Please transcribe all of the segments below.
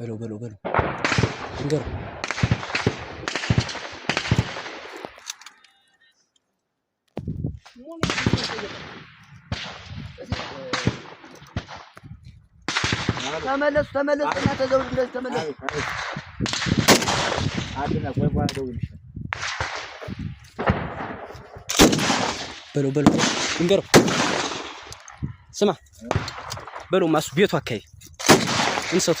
በለው በለው በለው ንገሩ ተመለሱ ተመለሱ እና ተዘውድ እንደዚህ ተመለሱ። በለው በለው ንገረው ስማ በለው ማሱ ቤቱ አካባቢ እንሰቱ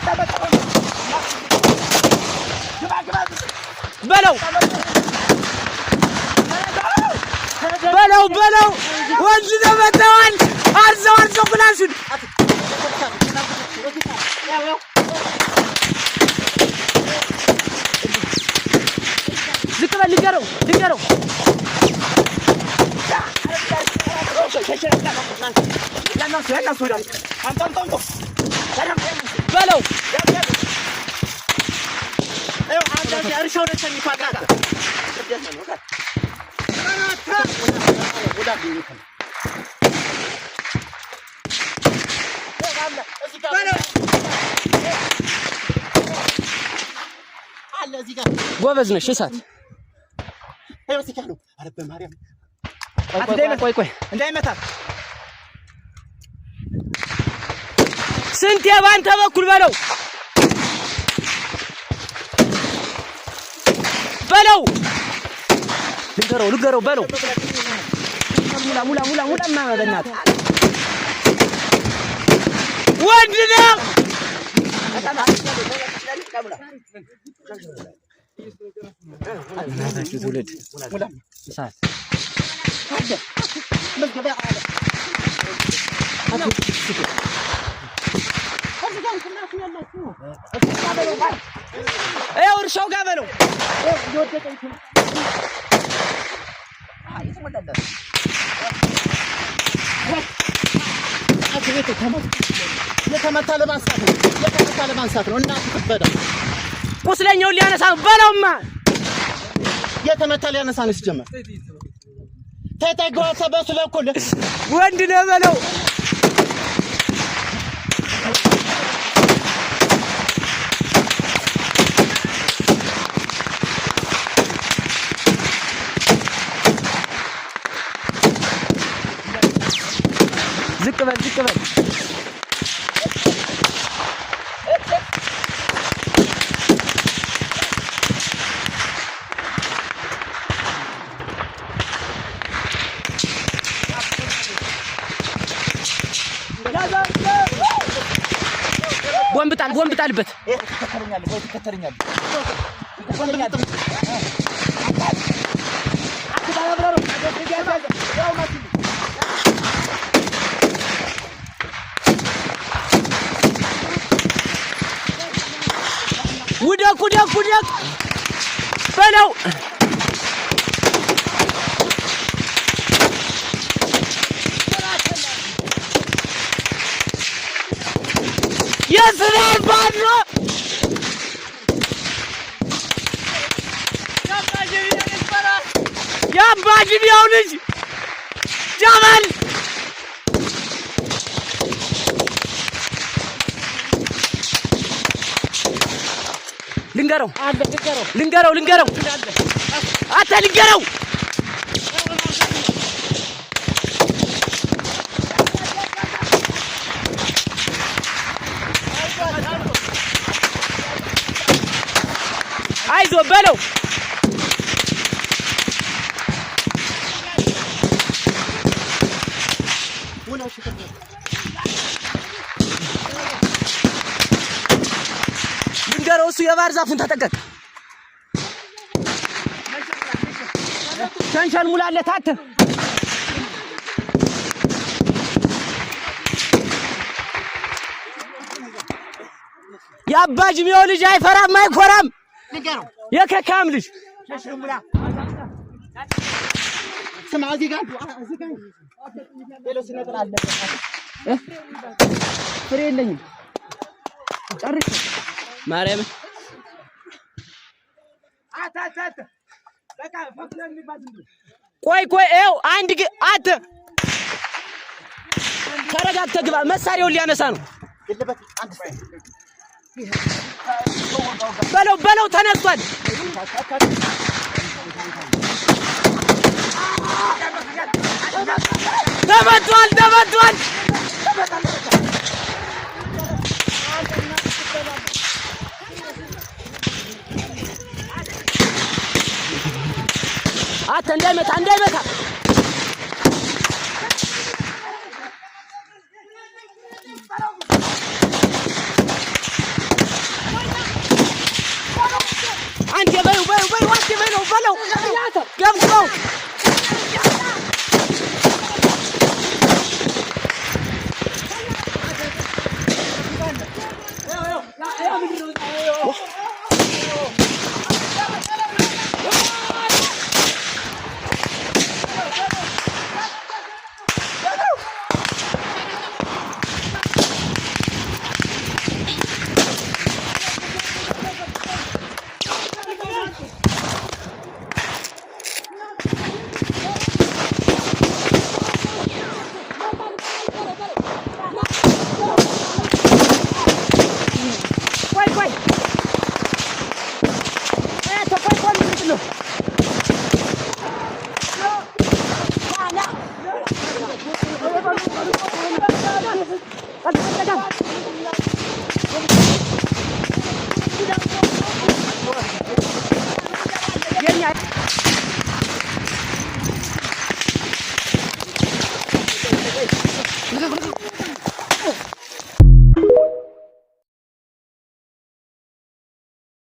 بلو بلو بلو وانجد بدوان ارز ارز بلاشن ዝቅ በል ንገረው ንገረው በለው ጎበዝ ነሽ። እሳት ቆይ ቆይ እንዳይመታ سنت يا بنت كل بلو بلو لقرو لقرو بلو مولا مولا مولا مولا ما هذا النات ودنا ولد እርሻው ጋር በለው የተመታ ለማንሳት ነው። የተመታ ለማንሳት ነው። እናት ትበዳ ቁስለኛውን ሊያነሳ በለውማ የተመታ ሊያነሳ ነው። ሲጀመር ወንድ ነው በለው زق كمان زق كمان ወንብጣል ወንብጣልበት ይሄ ትከተረኛለህ ወይ ትከተረኛለህ ወንብጣል vuracak. Böyle. Yazın Erban'la. Yapma gibi yanlış. Canan. ልንገረው ልንገረው ልንገረው አንተ ልንገረው አይዞህ በለው ንገረው። እሱ የባህር ዛፉን ተጠቀቅ ሸንሸል ሙላለ ታት የአባጅ ሚው ልጅ አይፈራም አይኮራም። የከካም ልጅ ፍሬ የለኝም ጨርሼ ማርያም ቆይ ቆይ፣ ይኸው አንድ አንተ ተረጋግተህ ግባ። መሳሪያውን ሊያነሳ ነው። በለው በለው፣ ተነስቷል። ተመቷል፣ ተመቷል። አንዴ መታ አንዴ መታ Yeah.